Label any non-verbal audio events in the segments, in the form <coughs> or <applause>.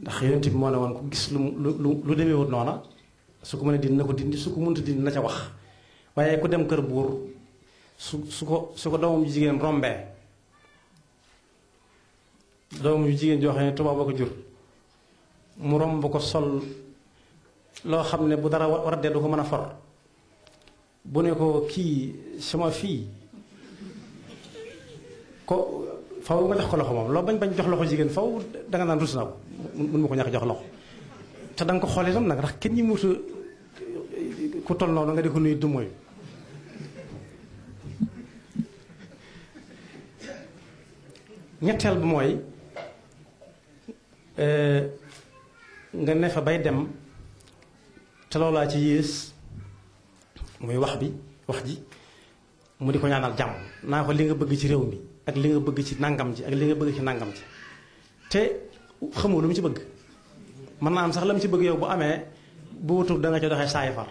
ndax yonent bi moo ne woon ku gis lu lu lu demeewut noona su ko mënee dindi na ko dindi su ko mënta dindi na ca wax waaye ku dem kër buur su su ko su ko doomam jigéen rombee doomam jigéen joo xam ne tubaab ba ko jur mu romb ko sol loo xam ne bu dara war a dee du ko mën a for bu ne ko kii sama fii ko faw nga jox ko loxo moom loo bañ bañ jox loxo jigéen faw danga naan rus na ko mën ma ko ñàkk jox loxo te danga ko xoolee tam nag ndax kenn ñi mutu ku toll noonu nga di ko nuyu du mooy ñetteel bi mooy euh, nga ne fa bay dem te loolaa ci yées muy wax bi wax ji mu di ko ñaanal jàmm naa ko li nga bëgg ci réew mi ak li nga bëgg ci nangam ji ak li nga bëgg ci nangam ji te xamoo lu mu ci bëgg mën naa am sax la mu ci bëgg yow bu amee bu wutul da ci doxee saay far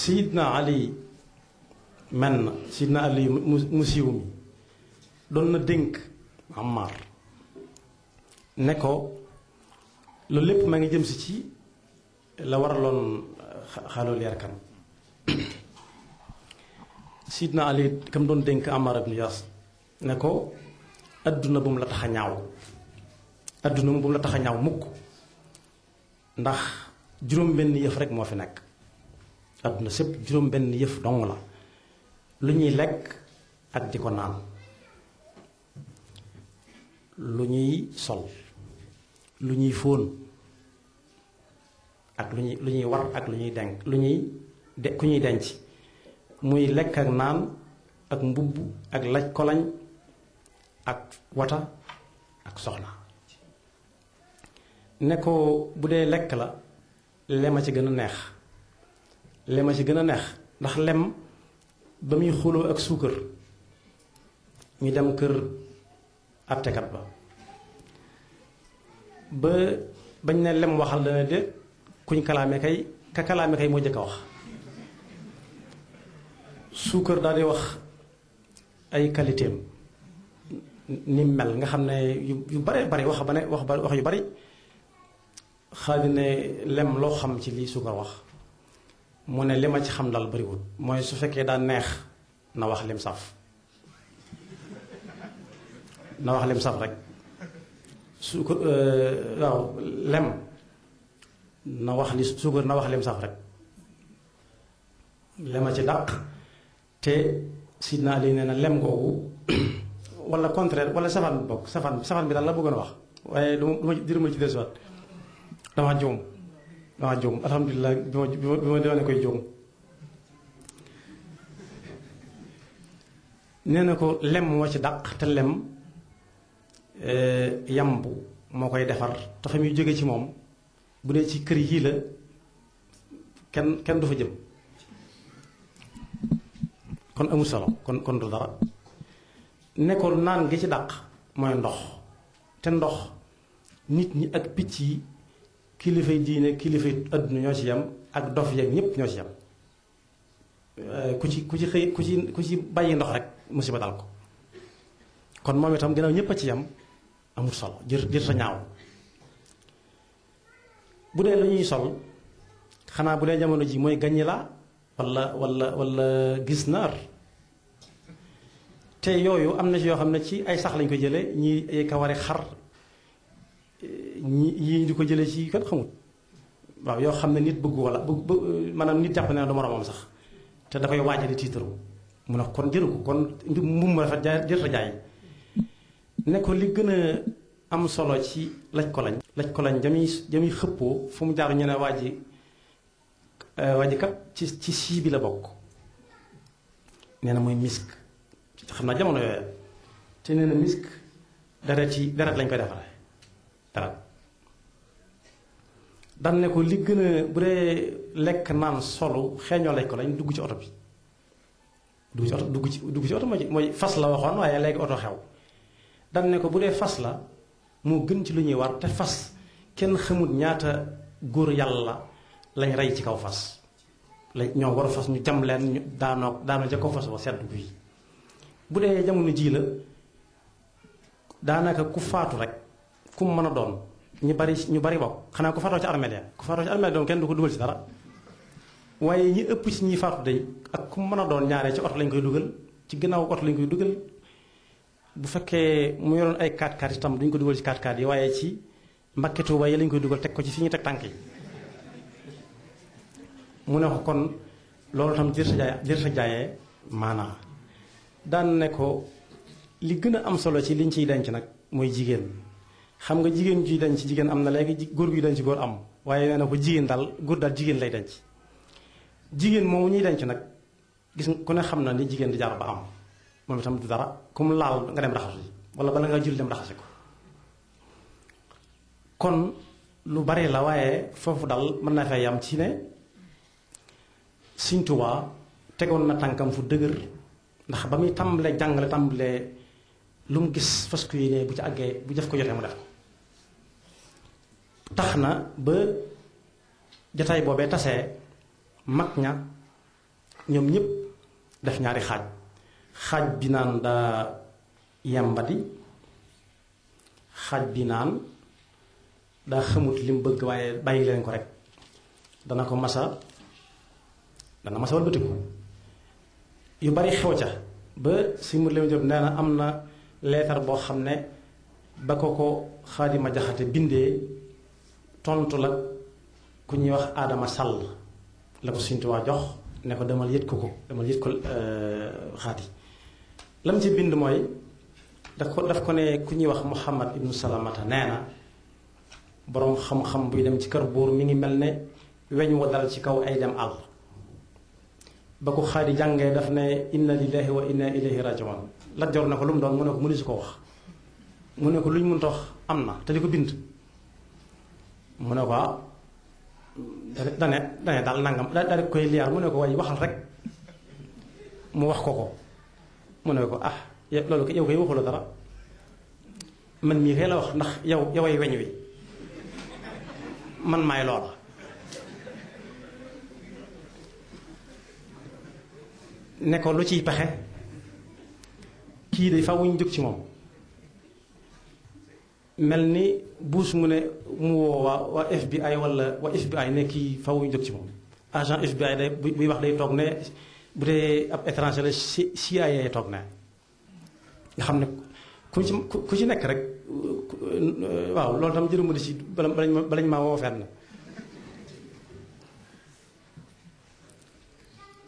Sidna Ali men na Sidna Ali mu siiw mi doon na dénk Ammar ne ko loolu lépp maa ngi jëm si ci la waraloon xaalul yarkan <coughs> Sidna Ali kam doon dénk Ammar ibn Yaas ne ko àdduna bu mu la tax ñaaw adduna bu la tax a ñaaw mukk ndax juróom-benn yëf rek moo fi nekk àdduna sëpp juróom-benn yëf dong la lu ñuy lekk ak di ko naan lu ñuy sol lu ñuy fóon ak lu ñuy ñuy war ak lu ñuy denk lu ñuy de ku ñuy denc muy lekk ak naan ak mbubb ak laj kolañ ak wata ak soxna ne ko bu dee lekk la lem a ci gën a neex lem a ci gën a neex ndax lem ba muy xuloo ak suukar ñu dem kër àttekat ba ba bañ ne lem waxal dana de kuñ kalaame kay ka kalaame kay moo jëkk a wax suukar daa di wax ay qualitéem ni mel nga xam ne yu yu bare bari wax ba ne wax ba wax yu bari xaadi ne lem loo xam ci lii sukar wax mu ne li ci xam dal bariwul mooy su fekkee daa neex na wax lem saf na wax lim saf rek euh, lem na wax li sukar na wax lim saf rek lema ci dàq te sidna li nee na lem googu wala contraire wala safaan bi bokk safaan safaan bi daal la bëggoon a wax waaye du ma du ma ci desuwaat dama juum dama juum alhamdulilah bi ma bi ma demee koy juum nee na ko lem moo ci dàq te lem eh, yamb moo koy defar te fa muy jóge ci moom bu dee ci kër yii la kenn kenn du fa jëm kon amul solo kon kon du dara nekkoon naan gi ci dàq mooy ndox te ndox nit ñi ak picc yi kilifay diine kilifay adduna ñoo ci yem ak dof yeeg ñépp ñoo ci yem euh, ku ci ku ci xëy ku ci ku ci bàyyi ndox rek musiba dal ko kon moom itam ginnaaw ñépp a ci yem amul sol jër jër sa ñaaw bu dee lu sol xanaa bu dee jamono ji mooy gañi walla walla walla gis naar te yooyu am na ci yoo xam ne ci ay sax lañ ko jëlee ñii ay kawari xar yi yii di ko jëlee ci kenn xamut waaw yoo xam ne nit bëgg wala bëgg maanaam nit jàpp na du moroomam sax te da koy waajal di tiitaru kon jëru ko kon mbubb mu rafet jaay jërta jaay ne ko li gën a am solo ci laj ko lañ laj ko lañ jamuy jamuy xëppoo fu mu jaaru ñu ne waa ji waa ji ci ci sii bi la bokk nee na mooy misk xam naa jamono yooya te nee na misk dara ci deret lañ koy defaree deret daan ne ko li gën a bu dee lekk naan solu xeeñoo lañ ko lañ dugg ci oto bi dugg ci oto dugg ci dugg ci oto mooy fas la waxoon waaye léegi oto xew daan ne ko bu dee fas la moo gën ci lu ñuy war te fas kenn xamut ñaata góor yàlla lañ rey ci kaw fas lañ ñoo war fas ñu jam leen ñu daanoo daanoo ca ko fas ba sedd guy bu dee jamono jii la daanaka ku faatu rek ku mu mën a doon ñu bari ñu bari bokk xanaa ku faatoo ci armeel ya ku faatoo ci armeel doon kenn du ko dugal ci dara waaye ñi ëpp ci ñi faatu day ak ku mu mën a doon ñaaree ci oto lañ koy dugal ci ginnaaw oto lañ koy dugal bu fekkee mu yoroon ay 4x4 itam duñ ko dugal ci 4 x yi waaye ci mbàkke Tuuba yi lañ koy dugal teg ko ci fi ñu teg tànk yi mu ne ko kon loolu tam jër sa jaay jër sa jaayee maanaa daan ne ko li gën a am solo ci liñ ciy denc nag mooy jigéen xam nga jigéen juy denc jigéen am na léegi góor guy denc góor am waaye nee na ko jigéen daal góor daal jigéen lay denc jigéen moomu ñuy denc nag gis nga ku ne xam na ni jigéen di jaar ba am moom itam du dara comme laal nga dem raxasu wala bala nga jul dem raxasi ko kon lu bare la waaye foofu dal mën naa fay yam ci ne Sëñ tegoon na tànkam fu dëgër ndax ba muy tàmbalee jàngale tàmbalee lu mu gis fas bu ci àggee bu def ko jotee mu def ko tax na ba jataay boobee tasee mag ña ñoom ñépp def ñaari xaaj xaaj bi naan daa yambati xaaj bi naan daa xamut li mu bëgg waaye bàyyi leen ko rek dana ko masa dana masa walbatiku yu bari xew ca ba suñ mu lemu Jóob nee na am na leetar boo xam ne ba ko ko xaadima jaxate bindee tontu lag ku ñuy wax aadama sàll la ko suñ tuwaa jox ne ko demal yët ko ko demal yët ko euh, xaati lam ci bind mooy daf ko daf ko ne ku ñuy wax Muhammad ibnu Salamata nee na boroom xam-xam buy dem ci kër buur mi ngi mel ne weñ wa dal ci kaw ay dem àll ba ko xaari jàngee daf ne inna lillahi wa inna ilayhi rajiun Lat Joor ne ko lu mu doon mun ne ko mënu ko wax mu ne ko lu ñu mënta wax am na te di ko bind mu ne ko ah dane dane daal nangam daal di koy liyaar mu ne ko waaye waxal rek mu wax ko ko mu ne ko ah loolu ko yow koy waxula dara man mii kay la wax ndax yow yoway weñ wi man may loola ne lu ciy paxe kii de fawuñ jóg ci moom mel ni buus mu ne mu woo waa waa FBI wala waa FBI ne kii fawuñ jóg ci moom agent FBI day buy wax day toog ne bu dee ab étranger la CIA toog na nga xam ne ku ci ku ci nekk rek waaw loolu tam jërëmu di ci balañ ma balañ maa woo fenn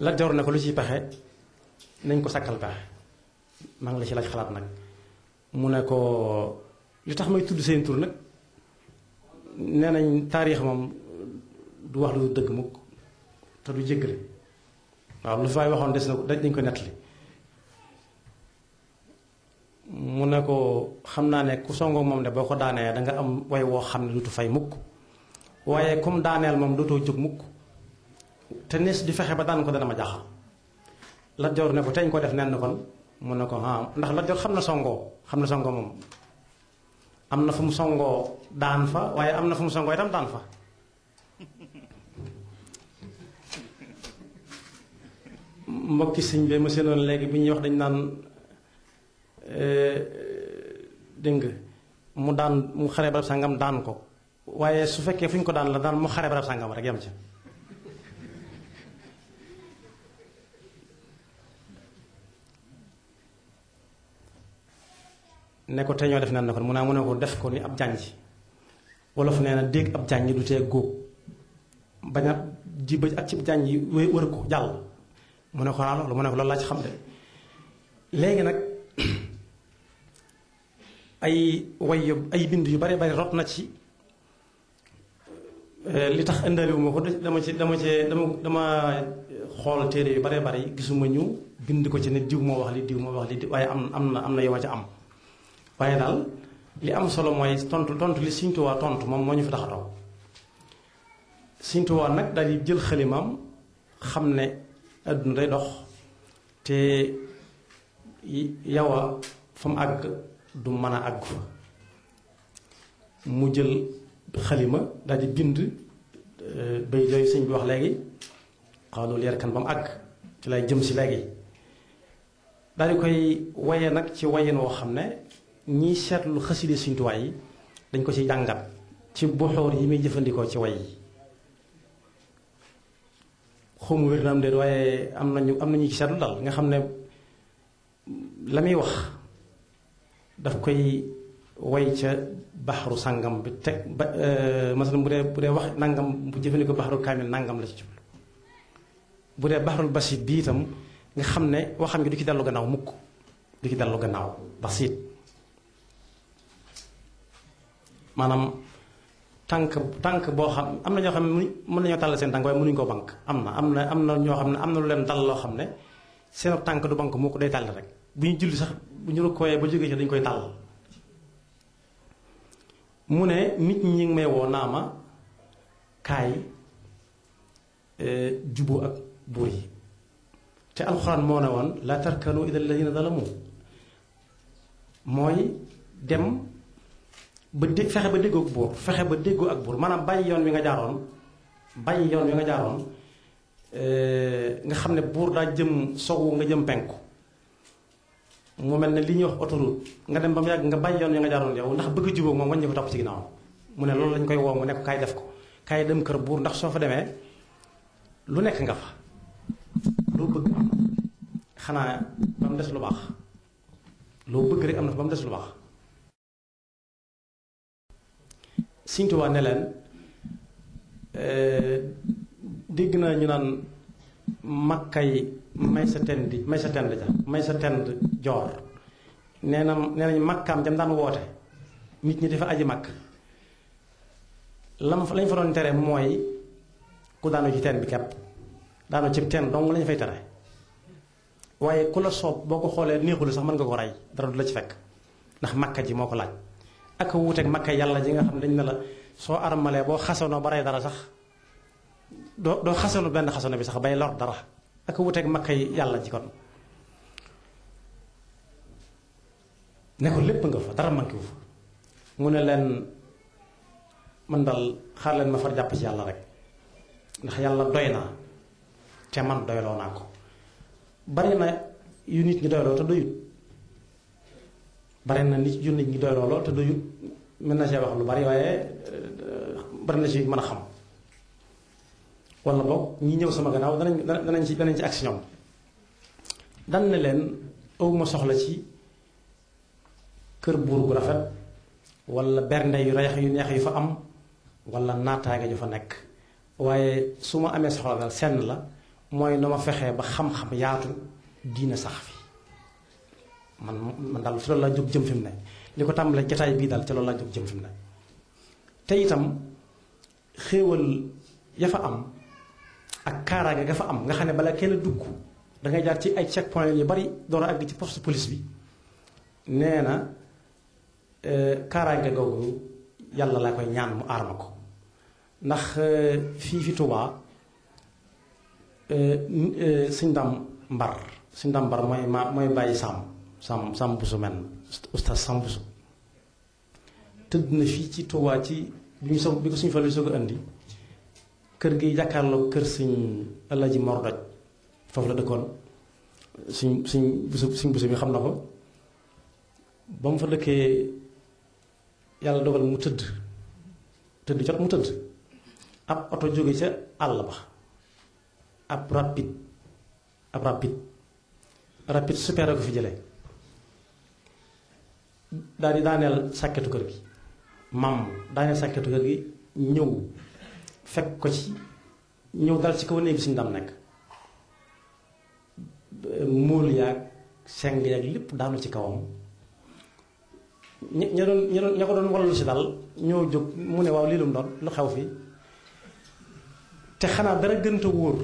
la Joor na ko lu ciy pexe nañ ko sakkal pexe maa ngi la ci laaj xalaat nag mu ne ko li tax may tudd seen tur nag nee nañ taarix moom du wax lu dëgg mukk te du jéggale waaw lu fay waxoon des na dañ nañ ko nettali mu ne ko xam naa ne ku songoo moom ne boo ko daanee danga am woy woo xam ne tu fay mukk waaye comme daaneel moom dootoo jóg mukk te nees di fexe ba daan ko dana ma jaaxal Lat ne ko teñ ko def nenn kon mu ne ko ah ndax Lat xam na songoo xam na songoo moom am na fu mu songoo daan fa waaye am na fu mu songoo itam daan fa mbokki sëñ bi ma seenoon léegi bi ñuy wax dañ naan eh, dégg nga mu daan mu xare barab sàngam daan ko waaye su fekkee fu ñu ko daan la daan mu xare barab sàngam rek yam ci ne ko te ñoo def naan na kon mun naa mu ne ko def ko ni ab jànj wolof nee na dégg ab jànj du tee góob bañ a ji ba ak ci jànj yi wër ko jàll mu ne ko ah loolu mu laa ci xam de léegi nag <clears throat> ay way yu ay bind yu bare bari rot na ci eh, li tax indaaliwuma ko dama ci dama ci dama dama xool téere yu bare bari gisuma ñu bind ko ci ne diw moo wax li diw moo wax li waaye am am na am na yow a ca am waaye daal li am solo mooy tontu tontu li Sëñ tontu moom moo ñu fi tax a toog Sëñ nag daal di jël xalimam xam ne àdduna day dox te yow a fa mu àgg du mën a àgg fa mu jël xalima daal di bind euh, bay yooyu sëñ bi wax léegi xaw loolu yarkan ba mu àgg ci lay jëm si léegi daal di koy waye nag ci wayen woo xam ne ñiy seetlu xaside Sëriñ Tuubaa yi dañ ko ci jàngat ci boxoor yi muy jëfandikoo ci way yi xawma wér na am déet waaye am nañu am nañu ci seetlu daal nga xam ne la muy wax daf koy way ca baxaru sàngam bi teg ba euh, masalan bu dee bu dee wax nangam bu jëfandikoo baxaru kaamil nangam la ci jublu bu dee baxarul basit bi itam nga xam ne waxam ngi du ci dallu gannaaw mukk du ci dellu gannaaw basit maanaam tànk tànk boo xam am na ñoo xam ne mën nañoo tàll seen tànk waaye mënuñu ko bank am na am na am na ñoo xam ne am na lu leen dal loo xam ne seen tànk du bank moo ko day tàll rek bu ñu julli sax bu ñu rukkooyee ba jógee ci dañu koy tàll mu ne nit ñi ngi may woo naa ma kaay e, juboo ak buur yi te alxuraan moo ne woon la tarkanu ila alladina zalamu mooy dem ba dé fexe ba déggoo ak buur fexe ba déggoo ak buur maanaam bàyyi yoon wi nga jaaroon bàyyi yoon wi nga jaaroon euh, nga xam ne buur daa jëm sowu nga jëm penku mu mel ne li ñuy wax autoroute nga dem ba mu yàgg nga bàyyi yoon wi nga jaaroon yow ndax bëgg jubóo moom waññi ko topp ci ginnaaw mu ne loolu lañ koy woo mu nekk kaay def ko kaay dem kër buur ndax soo fa demee lu nekk nga fa loo bëgg am xanaa ba mu des lu baax loo bëgg rek am na fa ba mu des lu baax Sëñ Tuubaa ne leen eh, dégg naa ñu naan makkay may sa tend may sa tend may sa tend joor nee na nee nañ makkaam jam daan woote nit ñi dafa aji makk lam lañ fa doon tere mooy ku daanu ci teen bi kepp daanu ci teen dong lañ fay tere waaye ku la soob boo ko xoolee néexul sax mën nga ko rey dara du la ci fekk ndax makka ji moo ko laaj ak wuuteeg makka yàlla ji nga xam dañ ne la soo armalee boo xasanoo ba rey dara sax doo doo xasanu benn xasano bi sax bay lor dara ak wuuteeg makka yàlla ji kon ne ko lépp nga fa dara manqué wu fa mu ne leen man dal xaar leen ma far jàpp ci yàlla rek ndax yàlla doy naa te man doyloo naa ko bari na yu nit ñi doyloo te doyut bari na nit yu nit ñi doyloo lool te doyut mën na see wax lu bari waaye euh, bari na ci mën a xam wala boog ñi ñëw sama gannaaw danañ danañ ci danañ ci ak si ñoom dan na leen awma soxla ci kër buur gu rafet wala bernde yu reex yu neex yu fa am wala naataange ju fa nekk waaye su ma amee soxla dal senn la mooy na ma fexee ba xam-xam yaatu diina sax fi man man daal fi loolu laa jóg jëm fi mu ne li ko tàmbalee jataay bii daal ca loolu laa jóg jëm fi mu ne te itam xéewal ya fa am ak kaaraange ga fa am nga xam ne balaa kenn dugg dangay jaar ci ay chaque point yu bari door a àgg ci poste police bi nee na euh, kaaraange googu yàlla laa koy ñaan mu aar ko ndax euh, fii fi Touba euh, sëñ Ndam Mbar sëñ Ndam Mbar mooy ma mooy bàyyi sàmm sam sambusu men oustaz sambusu tëdd na fii ci Touba ci bi ñu so bi ko suñu fàllu soog a indi kër gi jàkkaarloo kër suñ Alaaji Mor Doj foofu la dëkkoon suñ suñ busu suñ busu bi xam na ko ba mu fa dëkkee yàlla dogal mu tëdd tëdd jot mu tëdd ab oto jóge ca àll ba ab rapide ab rapide rapide super ko fi jëlee daal di daaneel sàkketu kër gi maam daaneel sàkketu kër gi ñëw fekk ko ci ñëw dal ci kaw néeg bi suñu dam nekk muul yaag seng yaag lépp daanu ci kawam ña doon ña doon ña ko doon wallu si dal ñoo jóg mu ne waaw lii lu mu doon lu xew fi te xanaa dara gënta wóor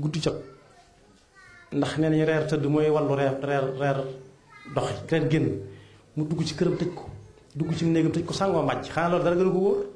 guddi jot ndax nee nañu reer tëdd mooy wallu reer reer reer dox ren génn mu dugg ci këram tëj ko dugg ci néegam tëj ko sangoo màcc xanaa loolu dara gën a ko